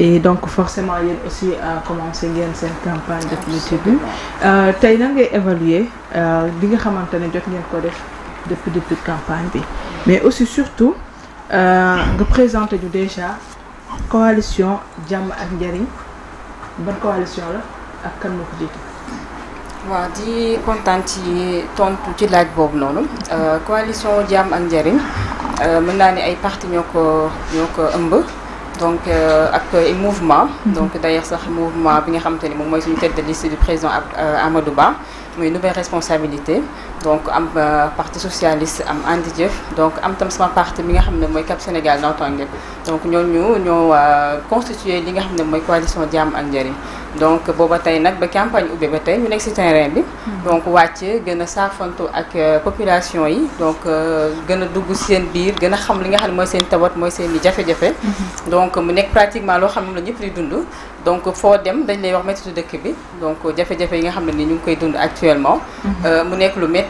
et donc forcément a aussi euh, commencé ngeen seen campagne depuis le début euh, Thaïlande na ngay évaluer euh, li nga xamante jot ngeen depuis depuis campagne mais aussi surtout représente présenté déjà coalition Jam ak njariñ ban coalition la ak kan moo ko jiite waaw di kontaan ci tontu ci laaj boobu euh coalition diam ak euh mën naa ni ay parti ko donc euh, ak euh, mouvement donc d'ailleurs ce mouvement bi nga xamanteni tête de liste du président euh, Amadou Ba une nouvelle responsabilité donc am euh, parti socialiste am andi jëf donc am tam sama parti mi nga xamne moy mooy Cap Sénégal Naatangué donc ñu ñoo euh, constituer li nga xamne moy coalition diam ak njëriñ donc booba tay nak ba campagne ubbi ba tay ñu nek ci terrain bi. Hmm. donc wacc gën a ak euh, population yi donc gën dugg seen biir gën xam li nga xamne moy seen tawat moy seen jafé jafé hmm. donc mu nek pratiquement lo xamne la ñëpp di dund. donc foo dem dañ lay wax méttitu dëkk bi donc jafé-jafé yi nga xam ne ni ñu ngi koy dund actuellement. Hmm. mu nekk lu métti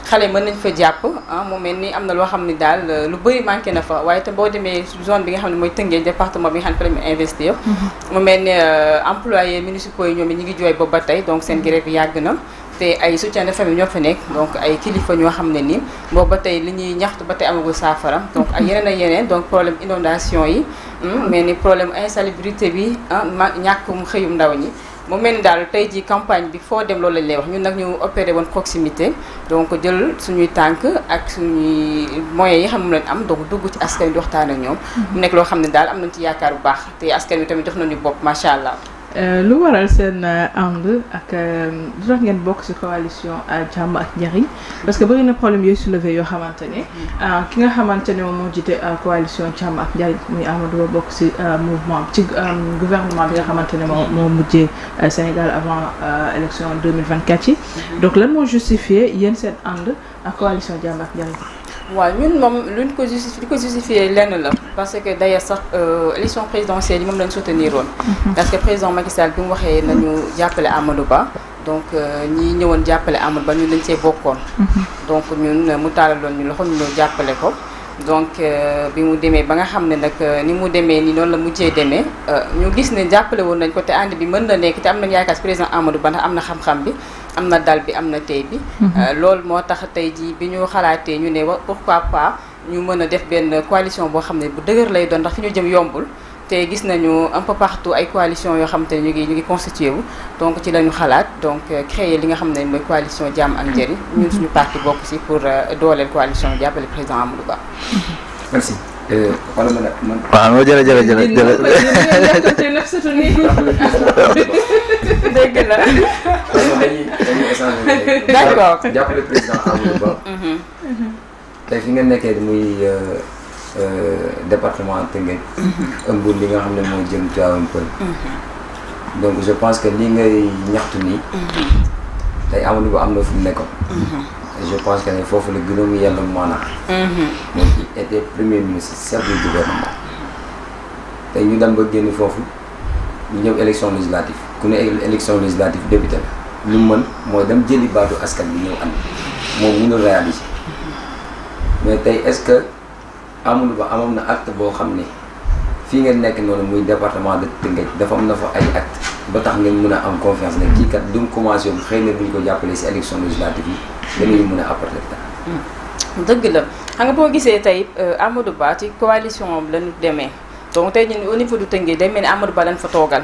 xale mën nañ fa jàpp ah mu mel ni am na loo xam ne daal euh, lu bëri manqué na fa waaye te boo demee zone bi nga xam ne mooy Tëngéej département bi nga xam ne fa la ñu investi yëpp mm-hmm. mu ni euh, employé municipaux yi ñoom it ñi ngi jooy boobu ba tey donc seen mm-hmm. grève yàgg na te ay soutien de famille ñoo fa nekk donc ay kilifa ñoo xam ne nii boobu ba tey li ñuy ñaxtu ba tey amagul saafara mm-hmm. donc ay yeneen ak yeneen donc problème inondation yi mais hmm, ni problème insalubrité bi ah ñàkkum xëyum ndaw ñi mu mel ni daal tey jii campagne bi foo dem loolu lañ lay wax ñun nag ñu opéré woon proximité donc jël suñuy tànk ak suñuy moyens yi xam moom lañ am donc dugg ci askan wi di waxtaan ak ñoom. mu nekk loo xam ne daal am nañ ci yaakaar bu baax te askan wi tamit jox nañu bopp macha allah. Euh, lu waral seen euh, ànd ak euh, ngeen coalition jàmm ak parce que bëri na problème yooyu soulevé yoo xamante ne mm-hmm. ki nga xamante ne coalition jàmm ak njariñ muy Amadou mouvement ci gouvernement bi nga ne Sénégal avant élection 2024 mm-hmm. donc lan moo justifié yéen seen ànd coalition jàmm ak waaw ñun moom luñ ko justifié li ko justifié lenn la parce que d'ailleurs sax euh, élection présidentielle yi moom lañ soutenir woon mhm. parce que président Macky Sall bi mu waxee nañu jàppale Amadou Ba donc euh, ñi ñëwoon jàppale Amadou Ba ñun dañ see bokkoon mhm. donc ñun euh, mu taalaloon ñu loxo ñu jàppale ko donc bi mu demee ba nga xam ne nag ni mu demee ni noonu la mujjee demee ñu gis ne jàppale woon nañ ko te ànd bi mën na nekk te am nañ yaakaar si président Amadou Ba ndax am na xam-xam bi amna dal bi amna tay bi. lool moo tax tey jii bi ñu xalaatee ñu ne pourquoi pas ñu mëna def ben coalition bo xamné bu dëgër lay doon ndax fi jëm yombul. té gis nañu un peu partout ay coalition yo xamné ñu ngi ñu ngi constituer wu donc ci lañu xalaat donc créer li nga xamné moy coalition jàmm ak njëriñ ñu suñu parti bokk ci pour dooleel coalition jàppale président Amadou Ba. merci. wala ma nag man. waaw jërëjëf jërëjëf dégg la. dañuy dañuy échanger. d'accord jàppale Ba. Mhm. tey fi nga nekkee muy euh, euh, département Tëngéej. Mhm. ëmb li nga xam ne moo jëm Tivaouane Peulh. Mhm. donc je pense que li ngay ñaxtu nii. tey Amadou Ba am na fu mu nekkoon. je pense que ne foofu la gënoon yàlla maanaam. moom il était premier ministre chef du gouvernement. tey ñu dem ba génn foofu ñu ñëw élection législative ku ne élection législative député la. li mu mën mooy dem jëli baatu askan bi ñëw am moom mënul réaliser mais tey est-ce que amul ba amoon na acte boo xam ne fii ngeen nekk noonu muy département de Tëngéej dafa am na fa ay acte ba tax ngeen mun a am confiance ne kii kat du mu commencé woon xëy na bu ñu ko jàppalee si élection législative yi danañu mën a apporter hmm. dëgg la xam nga boo gisee tey euh, Amadou Ba ci coalition am lañu demee donc tey ñun au niveau du Tëngéej day mel ni Amadou Ba lañ fa toogal.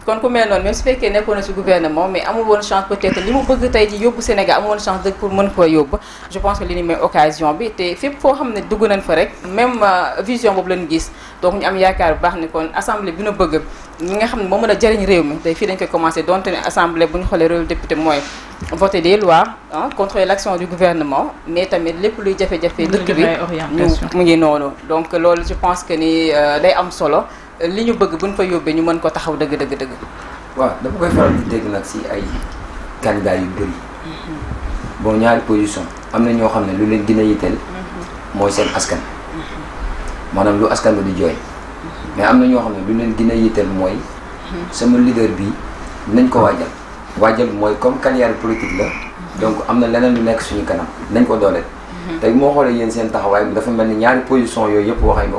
kon ku mel noonu même su fekkee nekkoon na ci gouvernement mais amul woon chance peut-être li mu bëgg tey ji yóbbu Sénégal amul woon chance dëgg pour mën koo yóbbu je pense que li ni mooy occasion bi te fépp foo xam ne dugg nañ fa rek même euh, vision boobu lañ gis donc ñu am yaakaar bu baax ni kon assemblée bi nu bëgg ñi nga xam ne moo mën a jëriñ réew mi tey fii dañ koy commencé donte ne assemblée bu ñu xoolee réew député mooy voter des lois ah hein, contrôler l'action du gouvernement mais tamit lépp luy jafe-jafe dëkk bi ñu mu ngi noonu donc loolu je pense que ni euh, day am solo li ñu bëgg buñ fa yóbbee ñu mën ko taxaw dëgg dëgg waaw dama koy faral di dégg nag si ay candidat yu bëri. Mm-hmm. bon ñaari position am na ñoo xam ne lu leen gën a yitteel mm-hmm. mooy seen askan. Mm-hmm. maanaam lu askan bi di jooy. mais am na ñoo xam ne lu leen gën a mooy. sama leader bi nañ ko waajal. waajal mooy comme carrière politique la. donc am na leneen lu nekk suñu kanam nañ ko dooleel. tey moo xoolee yéen seen taxawaay bi dafa mel ni ñaari position yooyu yëpp waxee nga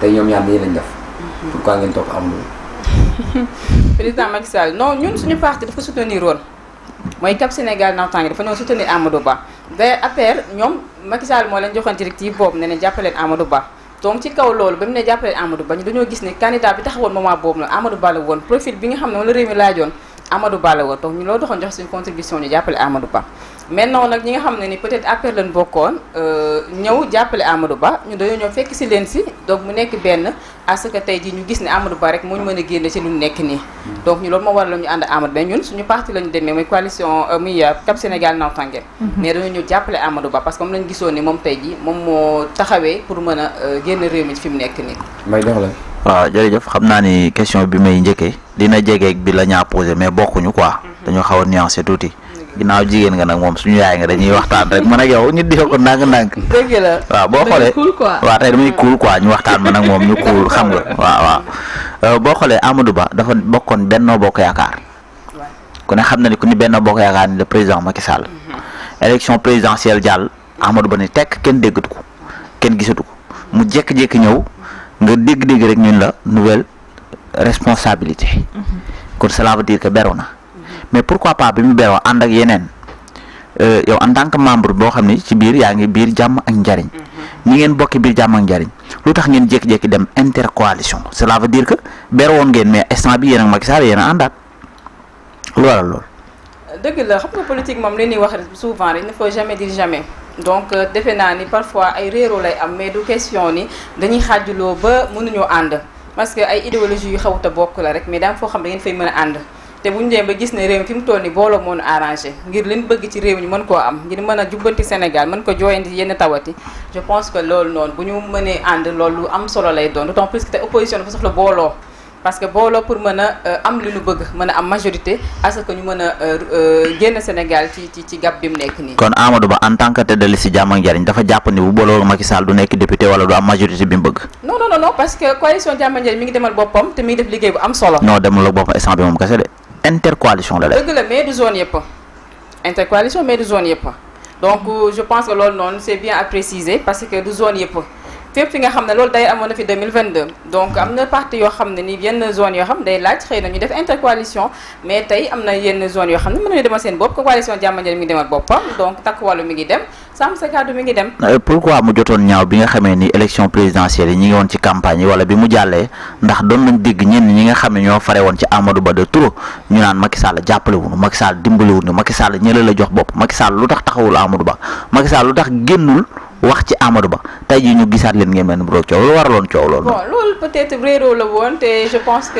tey ñoom ñaar nii lañ def. Mhm. pourquoi ngeen topp amul. président Macky Sall non ñun suñu parti dafa soutenir woon mooy Cap Sénégal nawtaange dafa ñëw soutenir Amadou Ba d'ailleurs APR ñoom Macky Sall moo leen joxoon directive boobu ne ne jàppaleen Amadou Ba. donc ci kaw loolu ba mu ne jàppaleen Amadou Ba ñu dañoo gis ne candidat bi taxawoon moment boobu la Amadou Ba la woon profil bi nga xam ne moom la réew mi laajoon Amadou Ba la woon donc ñu loolu doxoon jox suñu maintenant nag ñi nga xam ne ni peut-être APR lañ bokkoon euh, ñëw jàppale Amadou Ba ñu dañoo ñëw fekk si leen si donc mu nekk benn à ce que tey jii ñu gis ne Amadou Ba rek moo ñu mën a génne ci lu nekk nii. donc ñu loolu moo waral ñu ànd Amadou Ba ñun suñu parti lañu demee muy euh, euh, mhm. jàppale Amadou Ba parce que moom lañu gisoon ni moom tey ji moom moo taxawee pour mën a génn réew mi fi mu nekk nii. may jox la. waaw jërëjëf xam naa ni question bi may njëkkee dina jegeeg bi la ñaa posé mais bokkuñu quoi mhm. dañoo xaw a nuancé tuuti ginnaaw jigéen nga nag moom suñu yaay nga dañuy waxtaan rek man ak yow ñu di ko ndànk-ndànk. dëgg la waaw boo xoolee waaw tey damay cool quoi ñu waxtaan man nag moom ñu cool xam nga waaw waaw euh, boo xoolee amadu Ba dafa bokkoon Benno Bokk Yaakaar ku ne xam na ni ku ni Benno Bokk Yaakaar ni le président Macky Sall mm-hmm. élection présidentielle jàll amadu Ba ni tekk kenn déggatu ko kenn gisatu ko mu jékki-jékki ñëw nga dégg-dégg rek ñun la nouvelle responsabilité mm-hmm. kon cela veut dire que beru na mais pourquoi pas bi mu beroo ànd ak yeneen euh, yow en tant membre boo xam ne ci biir yaa ngi biir jàmm ak njariñ ñi mm-hmm. ngeen bokki biir jàmm ak njariñ lu tax ngeen jékki-jékki dem intercoalition cela veut dire que beroon ngeen mais instant bi yéen ak Macky Sall yéen a àndaat lu waral loolu. dëgg la xam nga politique moom li ñuy wax souvent il ne faut jamais dire jamais. donc euh, defe naa ni parfois ay réeroo lay am mais du question ni dañuy xaajuloo ba mënuñoo ànd parce que ay idéologie yu xawut a bokk la rek a ànd te bu ñu ba gis ne réew mi fi mu toll nii booloo moonu arrangé ngir liñ bëgg ci réew mi mën ko am ngir mëna jubanti Sénégal mën ko jooyanti yenn tawati je pense que lool non buñu ñu and loolu am solo lay doon d'autant plus que te opposition dafa soxla bolo parce que bolo pour mëna euh, am li ñu bëgg mëna am majorité à ce que ñu mëna a euh, euh, génn Sénégal ci ci ci gab bi mu nekk ni kon Amadou Ba en tant que tête de liste Jàmm ak Njariñ dafa japp ni bu bolo Macky Sall du nekk député wala du am majorité bi mu bëgg. non non non parce que coalition Jàmm ak Njariñ mi ngi demal boppam té mi ngi def liggéey bu am solo. non demal boppam instant bi moom kese de intercoalition la la. la mais du zone yëpp intercoalition mais du zone yëpp donc je pense que loolu non c'est bien à préciser parce que du zone yëpp fépp fi nga xam ne day amone fi 2022 donc am parti yo xam ni yenn zone yo xam day laaj xëy na ñu def intercoalition mais tay amna yenn zone yo xam ne mën sen bop seen coalition Jàmm mi ngi demal boppam donc tak walu mi ngi dem. Sàmm Sa Kàddu mi ngi dem. Euh, pourquoi mu jotoon ñaaw bi nga xamee ni élection présidentielle yi ñi ngi woon ci campagne yi wala bi mu jàllee ndax doon nañ dégg ñenn ñi nga xam ne ñoo fare woon ci Amadou Ba de trop ñu naan Macky Sall jàppale wuñu Macky Sall ñële la jox bopp Macky Sall lu tax taxawul Amadou Ba Macky Sall lu tax génnul. wax ci Amadou Ba tey ji ñu gisaat leen ngeen mel ni bu doon coow loolu waraloon coow loolu. bon loolu peut-être la woon te je pense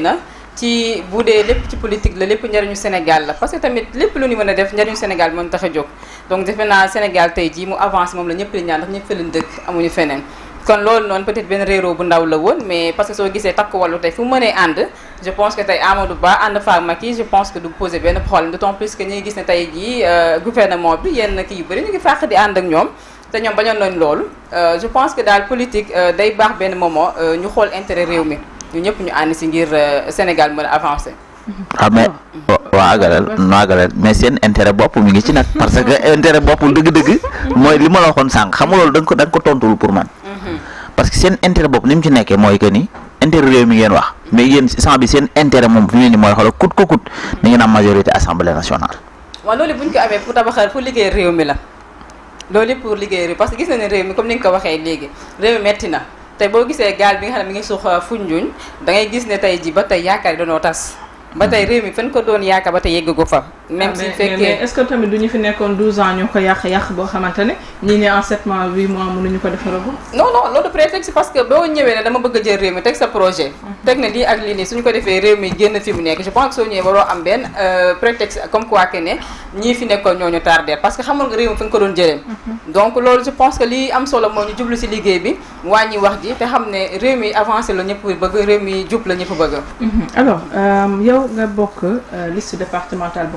na. ci bu dee lépp ci politique la lépp Sénégal la parce que tamit lépp lu ñu mën def Sénégal moo ñu tax donc defe naa Sénégal tey jii mu avance moom la ñëpp li ñaan ndax ñëpp fa leen dëkk amuñu feneen kon peut-être bien réro, bu ndaw la woon mais parce que soo gisee takk wàllu tey fu mu mënee je pense que tey Amadou Ba ànd faak Macky je pense que du poser benn problème d'autant plus que nous qui gis ne tey jii euh, gouvernement bi yenn kii yu qui ñu ngi fàq di ànd ak ñoom te ñoom bañoon nañ loolu euh, je pense que la politique euh, day baax moment ñu xool intérêt réew ñu ñëpp ñu ànd si ngir euh, Sénégal mën a avancé. waaw ah, mais mm-hmm. mais seen intérêt bopp mi ngi ci nag parce que mm-hmm. intérêt bopp dëgg-dëgg mm-hmm. mooy li ma la waxoon sànq loolu da nga ko da nga ko tontul pour man. parce que seen intérêt réew mi ngeen loolu pour liggéey réew mi parce que gis na ne réew mi comme ni nga ko waxee léegi réew mi metti na. tey boo gisee gaal bi nga xam ne mi ngi suux uh, Foundiougne da dangay gis ne tey ji ba tey yaakaar yi dañoo tas ba tey réew mi fan ko doon yaakaar ba tey yegg ko fa même ah, si fait mais est-ce que tamit duñu fi nekkoon 12 ans ñu ko yàq yàq boo xamante ne ñii ne en 7 mois 8 mois mënuñu ko bu non non loolu prétexte parce que bo ñëwé ne dama bëgg jël réew mi teg sa projet. Mhm. teg né lii ak lii nii suñu ko défé réew mi génn fi mu nekk je pense que soo ñëwee waroo am euh prétexte comme quoi que ne ñii fi nekkoon ñoñu tardé parce que xamul nga réew mi fi nga ko doon jëlee. Mhm. donc lolu je pense que li am solo mo ñu jublu ci liggéey bi wañi wax di té xamné réew mi avancé la ñëpp bëgg réew mi jub la ñëpp bëgg. Mhm. alors euh yow nga bokk euh, liste départementale bu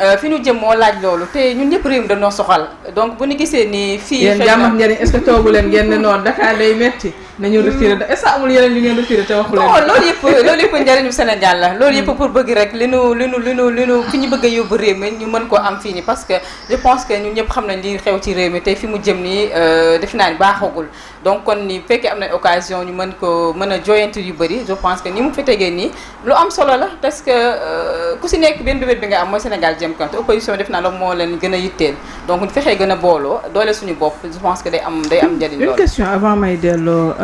Euh, fi ñu jëm moo laaj loolu te ñun ñëpp réew mi dañoo soxal donc bu ñu gisee ni. fii xëy na yéen jàmm ak que toogu leen ngeen ne noonu Dakar day metti nañu retiré est-ce que amul yeneen loolu loolu hmm. yëpp pour bëgg rek parce que je pense que nous ñëpp xam nañ xew ci réew euh, donc kon ni am occasion ñu mën je pense que ni mu fi tegee parce que euh, Sénégal jëm opposition def donc je pense que am une question avant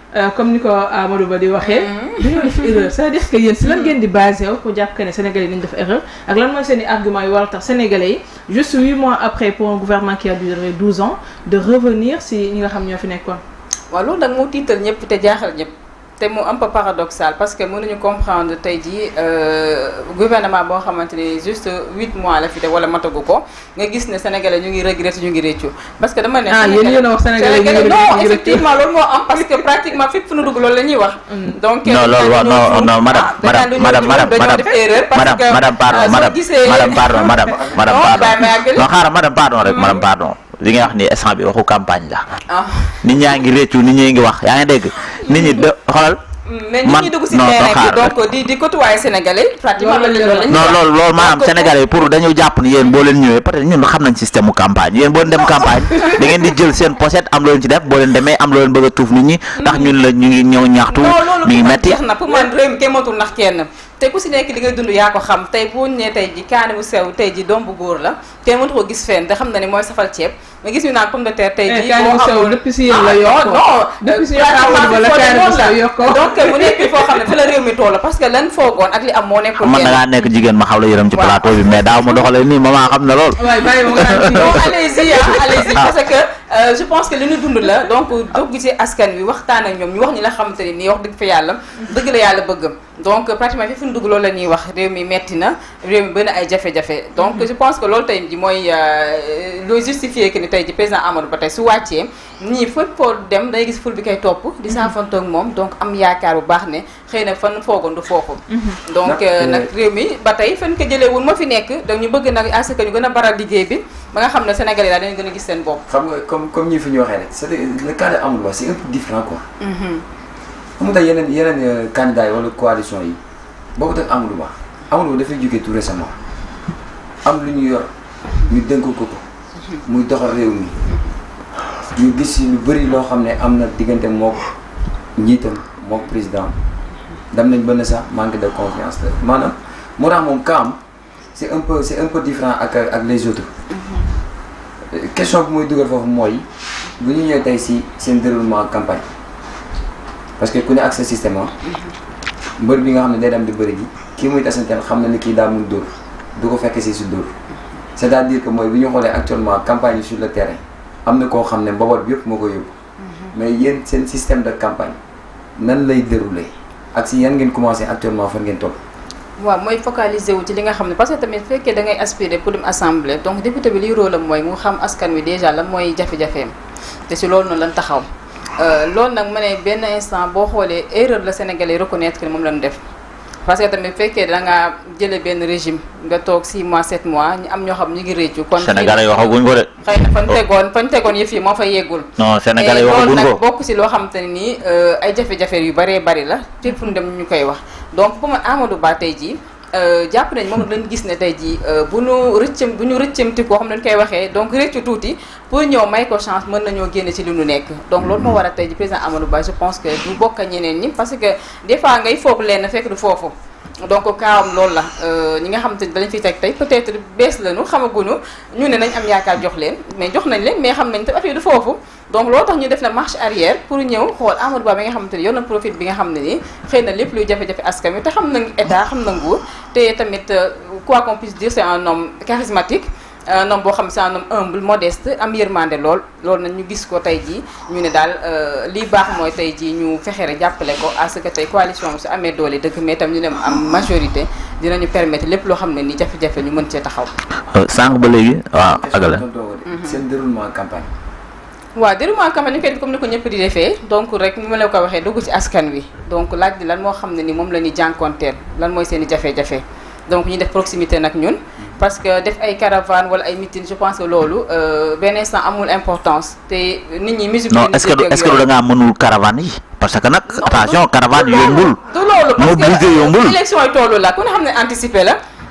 Euh, comme nous avons dit, nous avons fait erreur. C'est-à-dire que si des bases basé pour dire que les Sénégalais ont fait erreur, et que vous argument que les Sénégalais, juste 8 mois après, pour un gouvernement qui a duré 12 ans, de revenir si nous avons fait quoi Alors, dans mon titre, nous avons fait te mu un peu paradoxal parce que mënuñu comprendre tey jii euh, gouvernement boo xamante ni juste huit mois la fi def wala matagu ko nga gis ne sénégalais ñu ngi regretté ñu ngi réccu parce que dama ne ah yéen yéen a wax sénégalais ngi non effectivement loolu moo am parce que pratiquement fépp fu nu dugg loolu la ñuy wax mm. donc non loolu euh, wax non non madame madame madame madame dañoo def erreur parce que euh, madame pardon madame madame oh, pardon madame madame pardon non xaaral madame pardon rek madame mm. pardon li nga wax ni instant bi waxu campagne la ah. nit ñaa ngi réccu nit ñi ngi wax yaa ngi dégg nit ñi de xoolal. mais nit loolu non loolu loolu maanaam pour dañoo jàpp ni yéen boo leen ñëwee peut ñun xam nañ système mu campagne boo leen dem campagne da ngeen di jël seen pochette am loo leen ci def boo leen demee am loo leen bëgg a tuuf nit ñi. ndax mm. ñun la ñu ngi ñëw ñaxtu. mi ngi metti non te ku si nekk li nga dund yaa ko xam tey boo ñu nee tey ji kaani bu sew tey ji doom bu góor la te mënut ko gis fenn te xam na ni mooy safal ceeb mais gis ñu naan pomme de terre tey eh, ji kaani bu sew depuis si la ah, yokkoo non depuis si yokkoo donc mu nekk foo xam ne fa la réew mi toll parce que lan foogoon ak li am moo nekkoon man dangaa nekk jigéen ma xaw la yërëm ci plateau bi mais daaw ma doxale nii maman xam na lool allez-y allez-y ah. parce que Euh, je pense que ce dund la donc ci askan wi waxtaan ak ñu wax ni la ni wax deug fa la donc euh, pratiquement fi fu lool la ñuy wax mi metti na mi ay donc mhm. je pense que lool ji euh, justifier que ni tay ji su ni dem day gis bi di mhm. donc am yaakaar bu baax xëy na fan foogoon du foofu mhm. donc euh, euh, nag réew mi ba tey fan ko jëlee woon moo fi nekk dañu bëgg nag à ce que ñu gën a baral liggéey bi ba nga xam ne sénégalais daal dañu gën a gis seen bopp xam nga comme comme ñi fi ñu waxee rek c'est le cas de Amadou Ba c'est un différent quoi mhm. amu euh, yi wala coalition yi boobu tax Amadou Ba Amadou Ba dafay jógee tout récemment am lu ñu yor ñu dénk ko ko mhm. muy doxal réew mi ñu gis lu bëri loo xam ne am na diggante mook njiitam mook président dem nañ ba sax manque de confiance madame moi moo tax c'est un peu c'est un peu différent avec les autres. Mm-hmm. question bu muy dugal foofu mooy bu ñu ñëwee ici c'est un déroulement campagne parce que vous ne accès système ah. mm-hmm. mbër bi nga xam ne day dem di bëri ji kii muy tasanteel xam na ni kii daa mun dóor que c'est fekk si su mm-hmm. à dire que moi vous ñu xoolee actuellement campagne sur le terrain amener quoi koo xam ne mbabat bi yëpp moo ko mais yéen système de campagne nan lay dérouler ak si commencé actuellement fan ngeen focalisé. focaliser ci li nga parce que tamit da ngay aspirer pour dem donc député bi li rôle am moy mu xam askan wi déjà lan mooy jafé je té ci loolu lan taxaw euh lool nak mané ben instant bo xolé erreur la Sénégalais reconnaître que mom def. parce que tamit fekkee da ngaa jëlee benn régime nga toog 6 mois 7 mois ñu am ñoo xam ñu ngi réccu kon a waxaguñ ko de xëy na fañ oh. tegoon fañ tegoon yëf yi moo fa yeggul non sénégalais waxaguñ ko nag bokk si loo xam te ni euh, ay jafe-jafe yu baree bari la fépp fu ñu dem ñu koy wax donc bu man Amadou Ba tey jii Euh, jàpp nañ moom lañ gis ne tey jii euh, bu ñu rëccam bu ñu rëccamti koo xam ne dañ koy waxee donc réccu tuuti pour ñëw may ko chance mën nañoo génne ci li ñu nekk donc loolu moo war a tey ji président Amadou Ba je pense que du bokk ñeneen ñi parce que des fois ngay foog leen fekk du foofu donc kaawam loolu la euh, ñi nga xamante ni dañ fi teg tey peut-être bees lañu xamaguñu ñu ne nañ am yaakaar jox leen mais jox nañ leen mais xam nañ te affaire du foofu donc loolu tax ñu def na marche arrière pour ñëw xool Amadou Ba bi nga xamante ni yor na profil bi nga xam ne nii xëy na lépp luy jafe-jafe askan wi te xam na état xam na nguur te tamit euh, quoi qu'on puisse dire c'est un homme charismatique un homme boo xam ne c'est un homme humble modeste am yërmande lool loolu nag ñu gis ko tey jii ñu ne daal euh, lii baax mooy tey jii ñu fexe rek jàppale ko à que tey coalition bi su amee doole dëgg mais tam ñu dem am majorité dinañu permettre lépp loo xam ne nii jafe-jafe ñu mën cee taxaw. Euh, sànq ba léegi waaw. agala seen déroulement campagne. Oui, déroulement campagne ñu comme ko ñëpp di donc rek ni la ko waxee dugg ci askan wi donc lan la c'est lan donc proximité parce que def ay caravane wala ay je pense que ça euh, Ben instant amul importance nit musique non est-ce que est-ce que da ngaa mënul caravane parce que nak attention caravane de la anticipé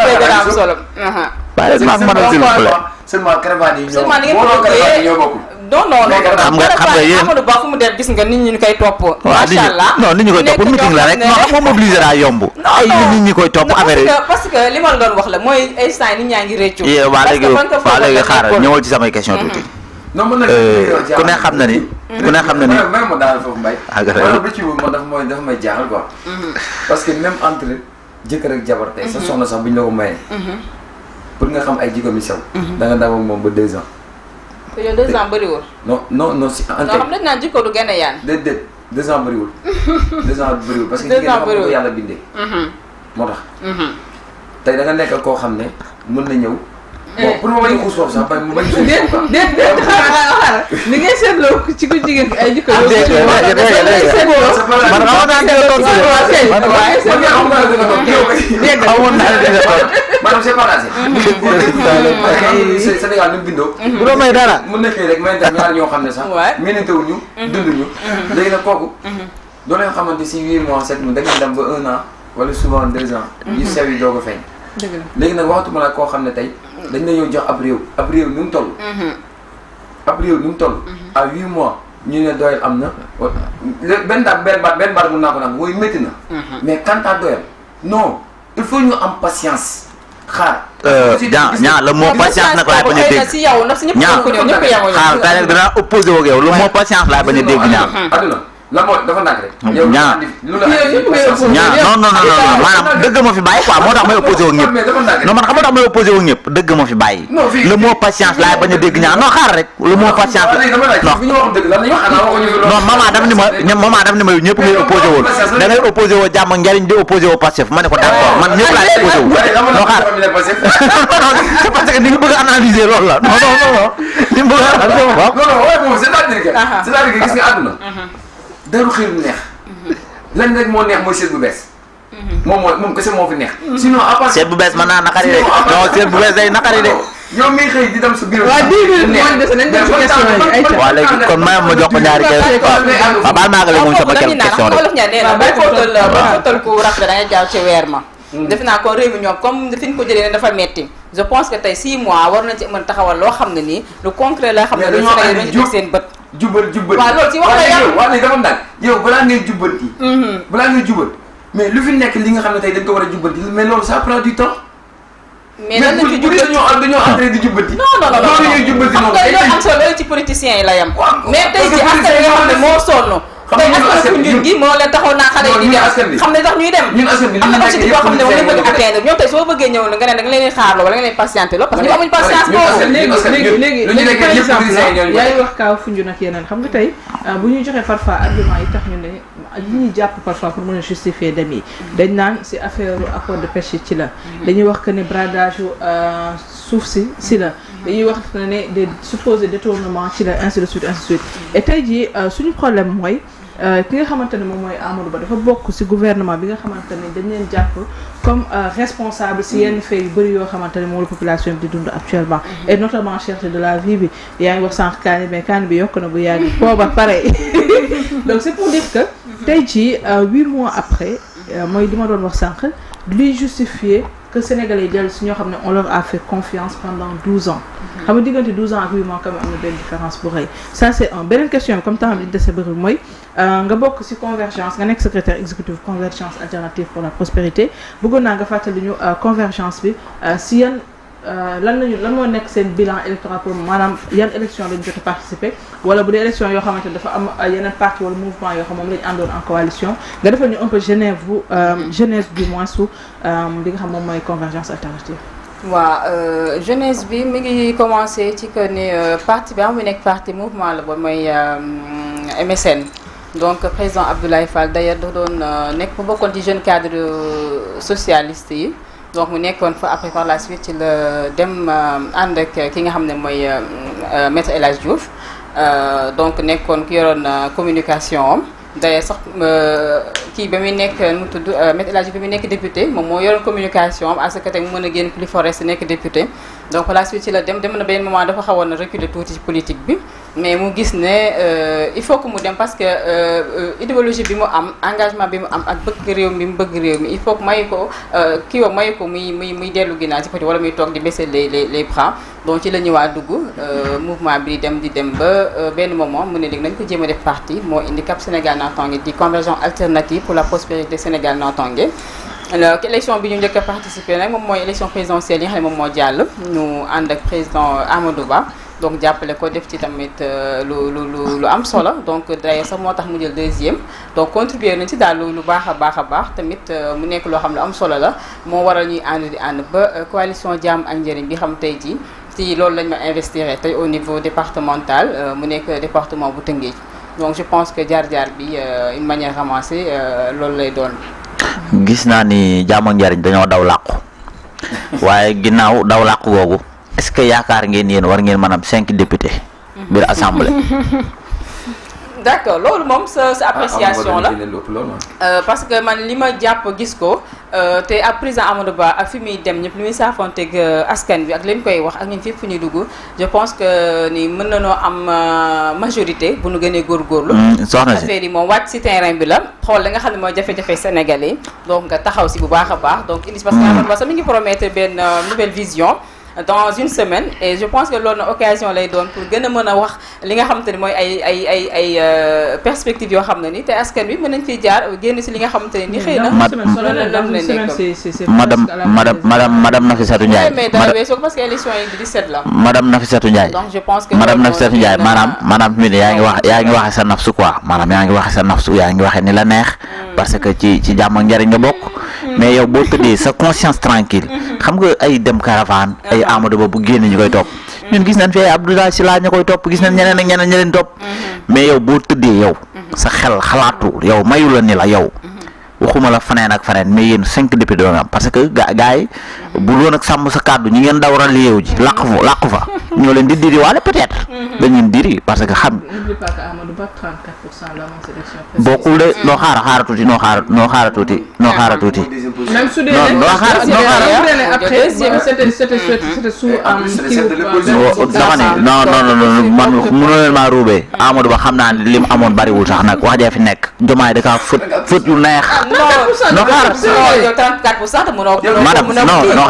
koy gën a am solo. waaye nag man ma s'il vous plaît. seulement caravane yi ñoo bokkul caravane yi ñoo bokkul. non non non xam nga xam nga yéen Ba fu mu def gis nga nit ñi ñu koy topp. macha allah nit ñi koy topp meeting la rek non xam nga mobiliser daa yomb. ay nit ñi koy topp affaire yi que li ma doon wax la mooy instant nit ñaa ngi réccu. parce que fan nga foofu léegi xaaral ñëwal ci samay question tuuti. Mm-hmm. non euh, ku ne xam na ni. ku ne xam na ni même mu daal foofu mbay. ah gërëm dafa may jaaxal quoi. Mm-hmm. parce que même entre jëkkër ak jabar tey sa mhm. soxna sax bu ñu la mayee. Mhm. pour nga xam ay jikko mi sew. Mhm. da nga moom ba deux ans. te yow deux ans bëriwul. non non non si en. tey xam nañ naa jikko du gën a yaan. déedéet deux ans bëriwul. deux ans bëriwul parce que jigéen dafa ko yàlla bindee. moo tax. tey da nekk koo xam ne mën na ñëw. bon eh. pour ma bañ a xuus foofu sax bañ ma bañ a. déet déet déet ci ku jigéen ay jikko. déet ah, man a tontu ah, de. a a tontu bu doon may dara. mu nekkee rek may def ñaar ñoo xam ne sax. waay mënante wuñu kooku. Mm-hmm. doo leen si huit mois da ngeen dem ba un an wala souvent deux mm-hmm. yi doog a feeñ. léegi nag waxatuma la koo xam ne tey dañ la ñëw jox ab réew ab réew nu mu toll. Mhm. ab réew nu mu mhm. huit mois ñu ne doyal am na. benn daal benn baat benn baat mun naa ko naan mooy métti na. Mhm. mais quant à doyal non il faut ñu am patience xaar. Euh, ñaa ñaa le mot patience nag laay bañ a dégg ñaa xaar daanaka dinaa opposé wu ak yow le mot patience laay bañ a dégg ñaa. la mooy dafa nag rek. yow ñaa ñaa non non non maanaam dëgg moo fi bàyyi quoi moo tax may opposé wu ñëpp. non man xam nga tax may opposé wu ñëpp dëgg moo fi bàyyi. le mot patience laay bañ a dégg ñaa non xaar rek. le mot patience la non non maman daf ni ma ñoom maman daf ni ma ñëpp ngay opposé wul da ngay opposé woo jàmm njariñ di opposé woo Pastef ma ne ko d'accord man ñëpp laay opposé wu. non xaar c'est parce que ni nga bëgg a analyser loolu la non non non. ni mu bëgg a analyser waaw. non non waaye moom c'est-à-dire que c'est-à-dire que gis nga àdduna daru xëy mu neex. lan rek moo neex mooy seet bu bees. moom mooy moom kese moo fi neex. sinon à bu bees mën naa naqari de. non seet bu bees day naqari de. yow mii xëy di dem sa biir. waaw ma jox ko ñaari question. waaw baal maa ngi moom sama question rek. wolof ñaa nee na boo fóotal boo fóotal weer ma. Hmm. def naa ko réew mi ñoom comme fi ñu ko jëlee dafa metti je pense que tey 6 mois war na ci mën taxawal loo xam ne nii lu concret la xam ne dañoo andi jub seen bët jubal jubal. waaw loolu ci wax la yàlla waaw léegi dafa ndànk yow balaa ngay jubal ji. Mm-hmm. balaa ngay jubal mais lu fi nekk li nga xam ne tey dañ ko war a jubal ji mais loolu ça prend du temps. mais nan la ci jubbanti mais pour dañoo entré di jubbanti. non non non non loolu ñuy jubbanti noonu. xam nga loolu am solo loolu ci politiciens yi la yam. mais tey ji askan wi nga xam ne moo sonn. xam parce que amuñ patience boobu léegi léegi léegi par exemple yaa ngi wax kaaw funju nag yeneen xam nga tey ah, bu ñuy joxee parfois argument yi tax ñu ne li ñuy jàpp parfois pour mën a justifier dem yi dañ naan si affaire accord de pêche ci la dañuy wax que ne bradage euh, suuf si si la dañuy wax ne des supposés détournement ci la ainsi de suite ainsi de suite et tey jii euh, suñu problème mooy Euh, ki nga xamante ne moom mooy Amadou Ba dafa bokk ci gouvernement bi nga xamante dañ leen jàpp comme euh, responsable ci yenn fay yu bëri yoo xamante moom la population bi di dund actuellement. et notamment cherté de la vie bi yaa ngi wax sànq kaani mais kaani bi yokk na bu yàgg. booba pare donc c'est pour dire que. tey jii euh, huit mois après mooy li ma doon wax sànq luy justifier que sénégalais on leur a fait confiance pendant 12 ans. xam que 12 ans différence pour ça c'est un question comme euh, convergence secrétaire exécutif convergence alternative pour la prospérité euh, convergence bi euh, si euh, lan nañu lan moo nekk seen bilan électoral pour maanaam yan élection lañ jot a wala bu dee élection yoo xamante dafa am euh, yeneen parti wala mouvement yo xam moom lañ àndoon en coalition nga defal ñu un peu genève bu euh, mm-hmm. genèse du moins su li nga xam moom convergence alternative euh, jeunesse bi mi ngi commencé ci que ni parti bi am ah, mu parti mouvement la ba mooy MSN donc président Abdoulaye Fall d'ailleurs da doon nek bu bokkoon ci jeune cadre socialiste yi donc mu nekkoon fa après par la suite ci dem euh, ànd ak ki nga xam ne mooy euh, euh, maître El Hadj Diouf donc nekkoon ki yoroon communication am d'ailleurs sax kii ba muy nekk nu mu tudd maître El Hadj Diouf ba muy nekk député moom moo yoroon communication am à ce que tey mu mën a génn plus forest nekk député donc la suite ci la dem dem na benn moment dafa xawoon a reculer tuuti ci politique bi mais mu gis ne euh, il faut que mu dem parce que euh, euh, idéologie bi mu am engagement bi mu am ak bëgg réew mi bëgg réew mi il faut que mayu ko kii woo mayu ko muy muy muy dellu ginnaaw ci wala muy toog di baisser les les les bras donc ci la ñu waa dugg mouvement bi di dem di dem ba benn moment mu ne léegi nañ ko jéem a def parti moo indi Cap Sénégal Natangué di convergence alternative pour la prospérité Sénégal Natangué alors élection bi ñu njëkk a participer nag moom mooy élection présidentielle yi nga xam ne moom moo jàll ñu ànd ak président Amadou Ba donc jappelé ko def ci tamit euh, lu lu lu lu am solo donc d'ailleurs sa motax mu jël deuxième donc contribuer nañ ci dal lu baax a baax tamit euh, mu nekk lo xam lu am solo la mo waral ñuy ànd di ba euh, coalition jam ak Njëriñ bi xam tay jii ci loolu lañ ma investir au niveau départemental mu nekk département bu donc je pense que jaar-jaar bi une manière ramassée loolu lay doon. gis naa ni Jàmm ak Njëriñ dañoo daw làqu waaye ginnaaw daw làqu googu. est-ce que yakar ngeen yeen war ngeen manam 5 députés bir assemblée d'accord lolu mom sa sa appréciation la ah, euh, parce que man lima japp gis ko euh, té ak président Amadou Ba ak fi dem ñep li safonté ak euh, askan bi ak lim koy wax ak ñun fépp fu ñuy dugg je pense que ni mën no am majorité bu nu gëné gor gor lu mm, affaire yi mom wacc ci terrain bi la xol la nga xam mo jafé jafé Sénégalais donc nga taxaw ci bu baaxa baax donc indi parce que mm. Amadou Ba sa mi ngi promettre ben nouvelle vision dans une semaine et je pense que l'occasion les occasion lay pour gëna mëna wax li nga xamanteni moy ay ay ay ay euh, askan madame madame madame madame madame donc je pense que madame sa que conscience tranquille hmm. xam nga ay dem caravane uh-huh. Amadou Ba bu génn ñu koy topp ñun gis nañ fee Abdoulaye Sylla ñu koy topp gis nañ ñeneen ak ñeneen ña topp mm-hmm. mais yow boo tëddee yow mm-hmm. sa xel xalaatu yow mayu la ni la yow mm-hmm. waxuma la faneen ak faneen mais yéen cinq députés parce que gaa yi bu loon ak sàmm sa kàddu ñi ngeen daw raliew ji làq fa làq fa ñoo leen di diri waale peut-être mm-hmm. dañuy diri parce que xam bokkul de noo xaara xaara tuuti noo xaara noo xaara tuuti noo xaara tuuti noo xaara noo xaara euh, euh, dama ne non non non man mënu leen maa ruubee Amadou Ba xam amoon bariwul sax nag wax fi nekk jomaay da kaa neex noo xaara madame non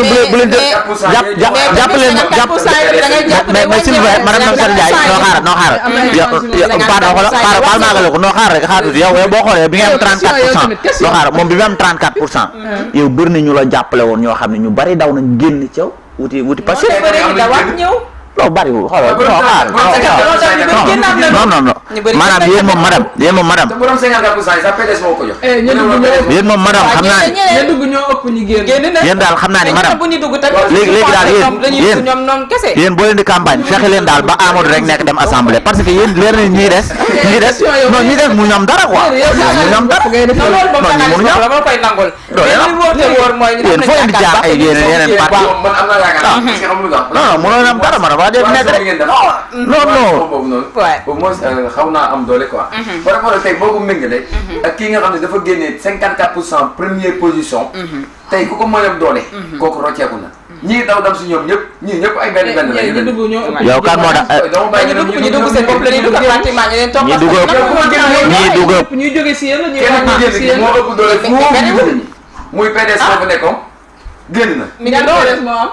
leen bu leen jàpp leen jàpp mais mais Sylvie madame Dame Sane Ndiaye noo xaaral noo xaaral pardon xaaral baal maagale ko noo xaaral rek xaar tuuti yow yow boo xoolee pour cent noo xaaral moom bi nga am 34 pour cent yow bëri na ñu la jàppale woon ñoo xam ne ñu bari daw nañ génn ci yow wuti wuti parce que Lo bariwul, xoolal xooxaal non non non maanaam yéen moom madame yéen moom madame yéen moom madame xam naa ni yéen daal xam naa ni madame léegi léegi daal yéen yéen yéen boo leen di campagne fexe leen daal ba Amadou rek nekk dem assemblée parce que yéen leer na ñuy des ñuy des non ñuy des mu ñoom dara quoi mu ñoom dara non ñu mënu ñoom yéen foo leen di jaar ay yeneen yeneen parti non non mënoo am dara madame waa def nekk rek non non boobu noonu au moins euh, xaw naa am doole quoi mhm. par rapport ak tey boo ko méngale mhm. ak kii nga xam ne dafa génnee cinquante quatre pour cent première position mhm. tey ku ko mënam doole kooku rocceeku na ñii daw dam ñoom ñëpp ñii ñëpp ay benn benn la yow ñu dugg seen bopp la ñuy dugg pratiquement ñu leen topp ñii dugg ñii dugg ñuy jóge si yéen kenn ku génn muy PDS moo fa nekkoon génn na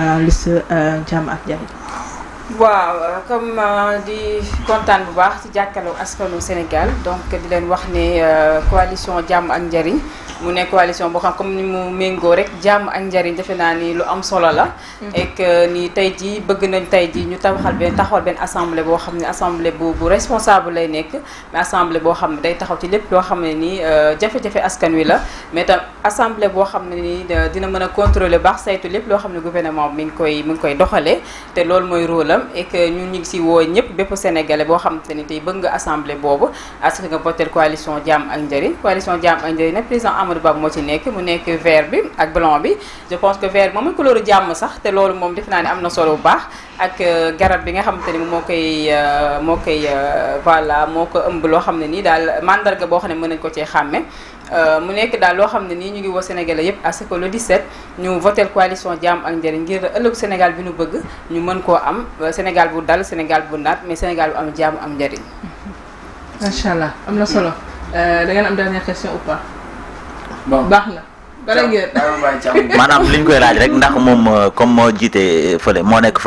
liste euh, Jàmm ak Njariñ waaw comme euh, di kontaan bu baax ci jàkkaarloo askanu Sénégal donc di leen wax ne euh, coalition jàmm ak njariñ mu ne coalition boo xam comme ni mu méngoo rek jàmm ak njariñ defe naa ni lu am solo la. Mm-hmm. et que ni tey jii bëgg nañ tey jii ñu taxawal benn taxawal benn assemblée boo xam ne assemblée bu bu responsable lay nekk mais assemblée boo xam ne day taxaw ci lépp loo xam ne nii euh, jafe-jafe askan wi la mais tam assemblée boo xam ne nii dina mën a contrôler baax saytu lépp loo xam ne gouvernement mi ngi koy mi ngi koy doxalee te loolu mooy rôle am réewam et que ñun ñu ngi si woo ñëpp bépp sénégalais boo xam te ni tey bëgg nga assemblée boobu à nga voter coalition Jàmm ak Njëriñ coalition Jàmm ak Njëriñ nag président Amadou babu moo ci nekk mu nekk vert bi ak blanc bi je pense que vert bi moom couleur jàmm sax te loolu moom def naa ne am na solo bu baax ak euh, garab bi nga xam te ni moo koy euh, moo koy euh, voilà moo ko ëmb loo xam ne nii daal mandarga boo xam ne mën nañ ko cee xàmme Euh, mu nekk daal loo xam ne ñu ngi woo sénégalais yépp à ce que le 17 ñu votel coalition Jàmm ak Njariñ ngir Sénégal bi ñu bëgg ñu mën am euh, Sénégal bu dal Sénégal bu naat mais Sénégal bu am jam am njariñ macha am na euh, da ngeen am dernière question ou pas bon baax na maanaam koy laaj rek ndax moom comme moo jiite fële moo nekk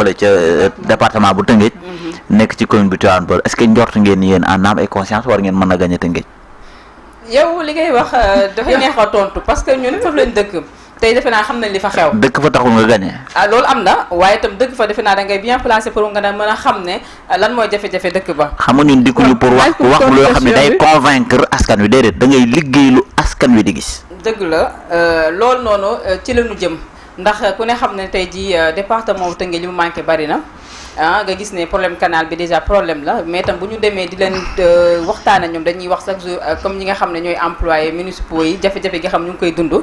département bu mhm. ci commune bi est-ce que ngeen en âme et conscience war ngeen yow li ngay wax euh, dafay neex a tontu parce que ñun foofu lañ dëkk tey defe naa xam nañ li fa xew. dëkk fa taxul nga gagné. ah loolu am na waaye tam dëkk fa defe naa da ngay bien placé pour nga mën a xam ne lan mooy jafe-jafe dëkk ba. xam nga ñun dikkuñu pour wax wax loo xam ne day convaincre askan wi déedéet da ngay liggéey lu askan wi di gis. dëgg la euh, lool noonu euh, ci la ñu jëm ndax ku ne xam ne tey jii département wu Tëngéej li mu manqué bari na. ah nga gis ne problème canal bi déjà problème la mais tam bu ñu demee di leen euh, waxtaan ak ñoom dañuy wax chaque jour euh, comme ñi nga xam ne ñooy employé municipaux yi jafe-jafe gi xam ñu ngi koy dund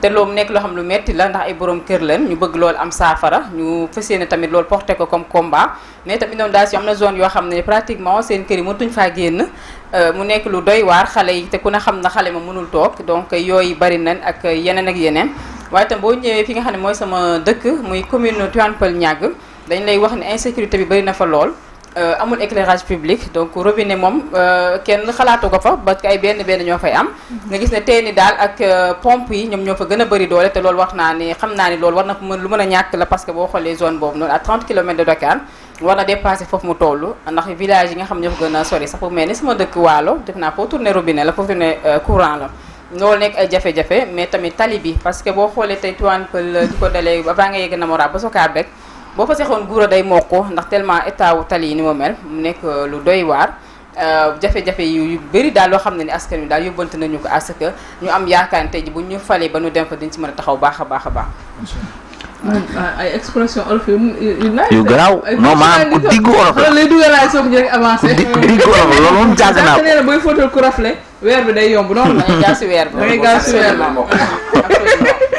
te loolu nekk loo xam lu metti la ndax ay borom kër leen ñu bëgg loolu am saafara ñu fas yéene tamit loolu ko comme combat mais tam inondation na zone yoo xam ne pratiquement seen kër yi mënatuñ faa génn euh, mu nekk lu doy waar xale yi te ku ne xam na xale ma mënul toog donc yooyu bari nañ ak yeneen ak yeneen waaye tam boo ñëwee fi nga xam ne mooy sama dëkk muy commune Tivaouane Peulh ñàgg dañ lay wax ni insécurité bi bëri na fa lool euh, amul éclairage public donc robinet moom euh, kenn xalaatu ko fa ba ay benn benn ñoo fay am. Mhm. nga gis ne teen yi daal ak euh, pompe yi ñoom ñoo fa gën a bëri doole te loolu wax naa ne xam naa ne loolu war na mën lu mën a ñàkk la parce que boo xoolee zone boobu noonu à 30 kilomètres de Dakar. war na dépassé foofu mu toll ndax village yi nga xam ñoo fa gën a sori sax bu mel ni sama dëkk waalo def naa foo tourner robinet la foo tourner courant la loolu nekk ay jafe-jafe mais tamit tali bi parce que boo xoolee tey Tivaouane Peulh di ko dalee avant nga yegg Namora ba Socabek boo fa sexoon guura day mokk ndax tellement état wu tali yi ni mu mel mu nekk euh, lu doy waar euh, jafe-jafe yu bëri daal loo xam ne ni askan wi daal yóbbante nañu ko parce que ñu am yaakaar ne tey ji bu ñu falee ba ñu dem fa dañ ci mën a taxaw baax a baax a baax ay yu yu garaaw non maanaam ku diggu olof la lay dugalaay soog ñu rek avancé ku diggu weer bi day yomb noonu da ngay gaaw si weer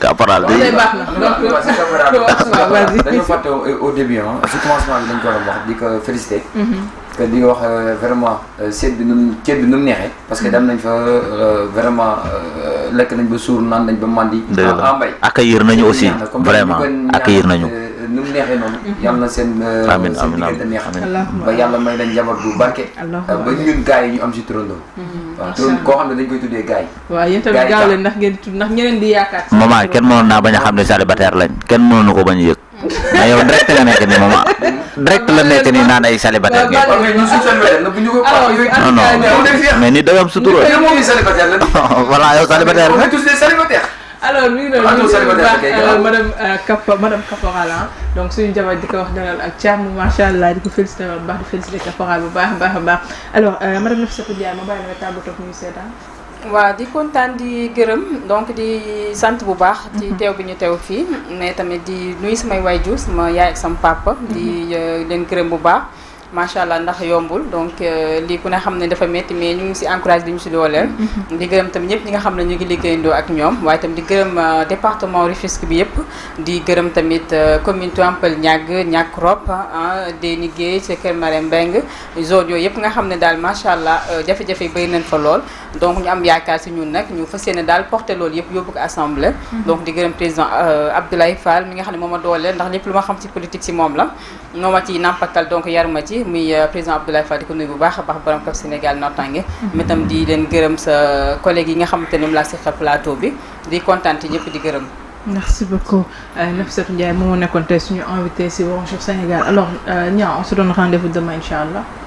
caporal de. dañu fàtte au début ah si commencement bi dañ ko doon wax di ko félicité. Mhm. que di wax euh, vraiment euh, seet bi nu mu neexee. parce que mhm. dem nañ fa euh, vraiment lekk nañ ba suur naan nañ ba mandi. dëgg la ah, ah, mbay accueillir nañu aussi vraiment accueillir nañu. nu mu neexee noonu. Mhm. yàlla na seen. amiin amiin amiin seen diggante neex ba may leen jabar bu barke. ba ñun gars yi ñu am si turandoo. waa loolu koo xam gaaw leen ndax ngeen tudd ndax ngeen di yaakaar. maman kenn mënoon naa bañ a xam ne célibataire lañ kenn mënoon na ko bañ a yëg. mais yow direct la nekk nii maman. direct la nekk nii naan ay célibataire ngeen. waaw ñun suñu ah, ah. mais ni da nga am sutura. voilà yow célibataire alors mi ngi doon ñu ngi baax madame euh, Kapa madame Caporal donc suñu jabar di ko wax dalal ak càmm macha allah di ko félicité bu baax di félicité Caporal bu baax baax a baax alors euh, madame Nafissatou Ndiaye ma bàyyi la nga tàggatoo ak ñuy seetaan. waaw di kontaan di gërëm donc di sant bu baax. ci mhm. teew bi ñu teew fii mais tamit di nuyu samay waajur sama yaay ak sama papa. di mhm. euh, leen gërëm bu baax. macha allah ndax yombul donc euh, lii ku ne xam ne dafa métti mais ñu ngi si encourage di ñu si dooleel. Mm-hmm. di gërëm tam ñëpp ñi nga xam ne ñu ngi liggéeyandoo ak ñoom waaye tam di gërëm euh, département Rufisque bi yëpp. di gërëm tamit euh, commune Tuampel Niague Niakrop ah Déni Guèye Kër Marème Mbengue zone yooyu yëpp nga xam ne daal macha allah jafe-jafe yi bëri fa lool. donc ñu am yaakaar ci ñun nak ñu fas dal daal porté loolu yëpp yóbbu ko assemblée. Mhm. donc di gërëm président euh, Abdoulaye Fall mi nga xam moma moo ndax lépp luma xam ci politique ci mom la. moo ci nampatal donc yar ci muy euh, président Abdoulaye Fall di ko nuyu bu baax baax borom Cap Sénégal nottange. mais mhm. itam di leen gërëm sa collègue yi nga xamante ne moom laa seqal plateau bi di kontaan ci ñëpp di gërëm. merci beaucoup euh, Nafissatou Ndiaye moo nekkoon nous suñu invité si Bonjour Sénégal alors Niang on se donne rendez-vous demain Inch'Allah.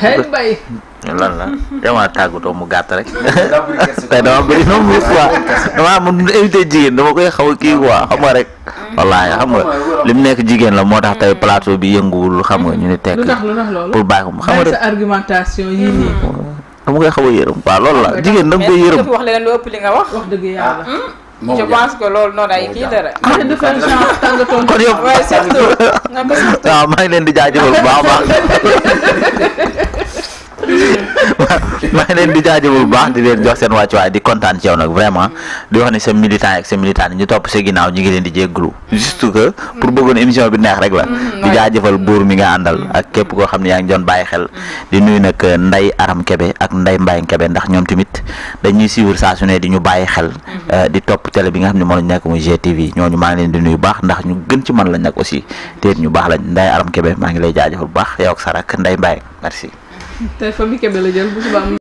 xëy mbay. lan la dama tàggatoo mu gàtt rek. tey dama bëri noonu mu quoi dama mun invité jigéen dama koy xaw a kii quoi xam nga rek. Mm. wallaahi xam nga li mu nekk jigéen la moo tax te mm. plateau bi yënguwul xam nga ñu ne tekk. lu pour bàyyi ko xam nga rek sa argumentation yii mm. dama koy xaw yërëm waaw loolu la jigéen dama koy yërëm. je pense que loolu noonu ay kii dara. ah kon yow waaw ah, leen di jaajëfal bu baax a baax. maa ngi leen di jaajëfal bu baax di leen jox seen wàccuwaay di kontaan ci yow nag vraiment di wax ne sa militant ak sa militant yi ñu topp sa ginnaaw ñu ngi leen di jégglu juste que pour mm-hmm. bëggoon émission bi neex rek la mm-hmm, di jaajëfal buur mi nga àndal mm-hmm. ak képp koo xam ne yaa ngi doon bàyyi xel di nuyu nag euh, Ndey Aram Kebe ak Ndey Mbaye Kebe ndax ñoom tamit dañuy suivre saa su ne di ñu bàyyi xel euh, di topp tele bi nga xam ne moo lañ nekk muy GTV ñooñu maa ngi leen di nuyu baax ndax ñu gën ci man lañ nag aussi te ñu baax lañ Ndey Aram Kebe maa ngi lay jaajëfal bu baax yow ak sa rak Ndey Mbaye tey fa mi kebe la jël bu subaa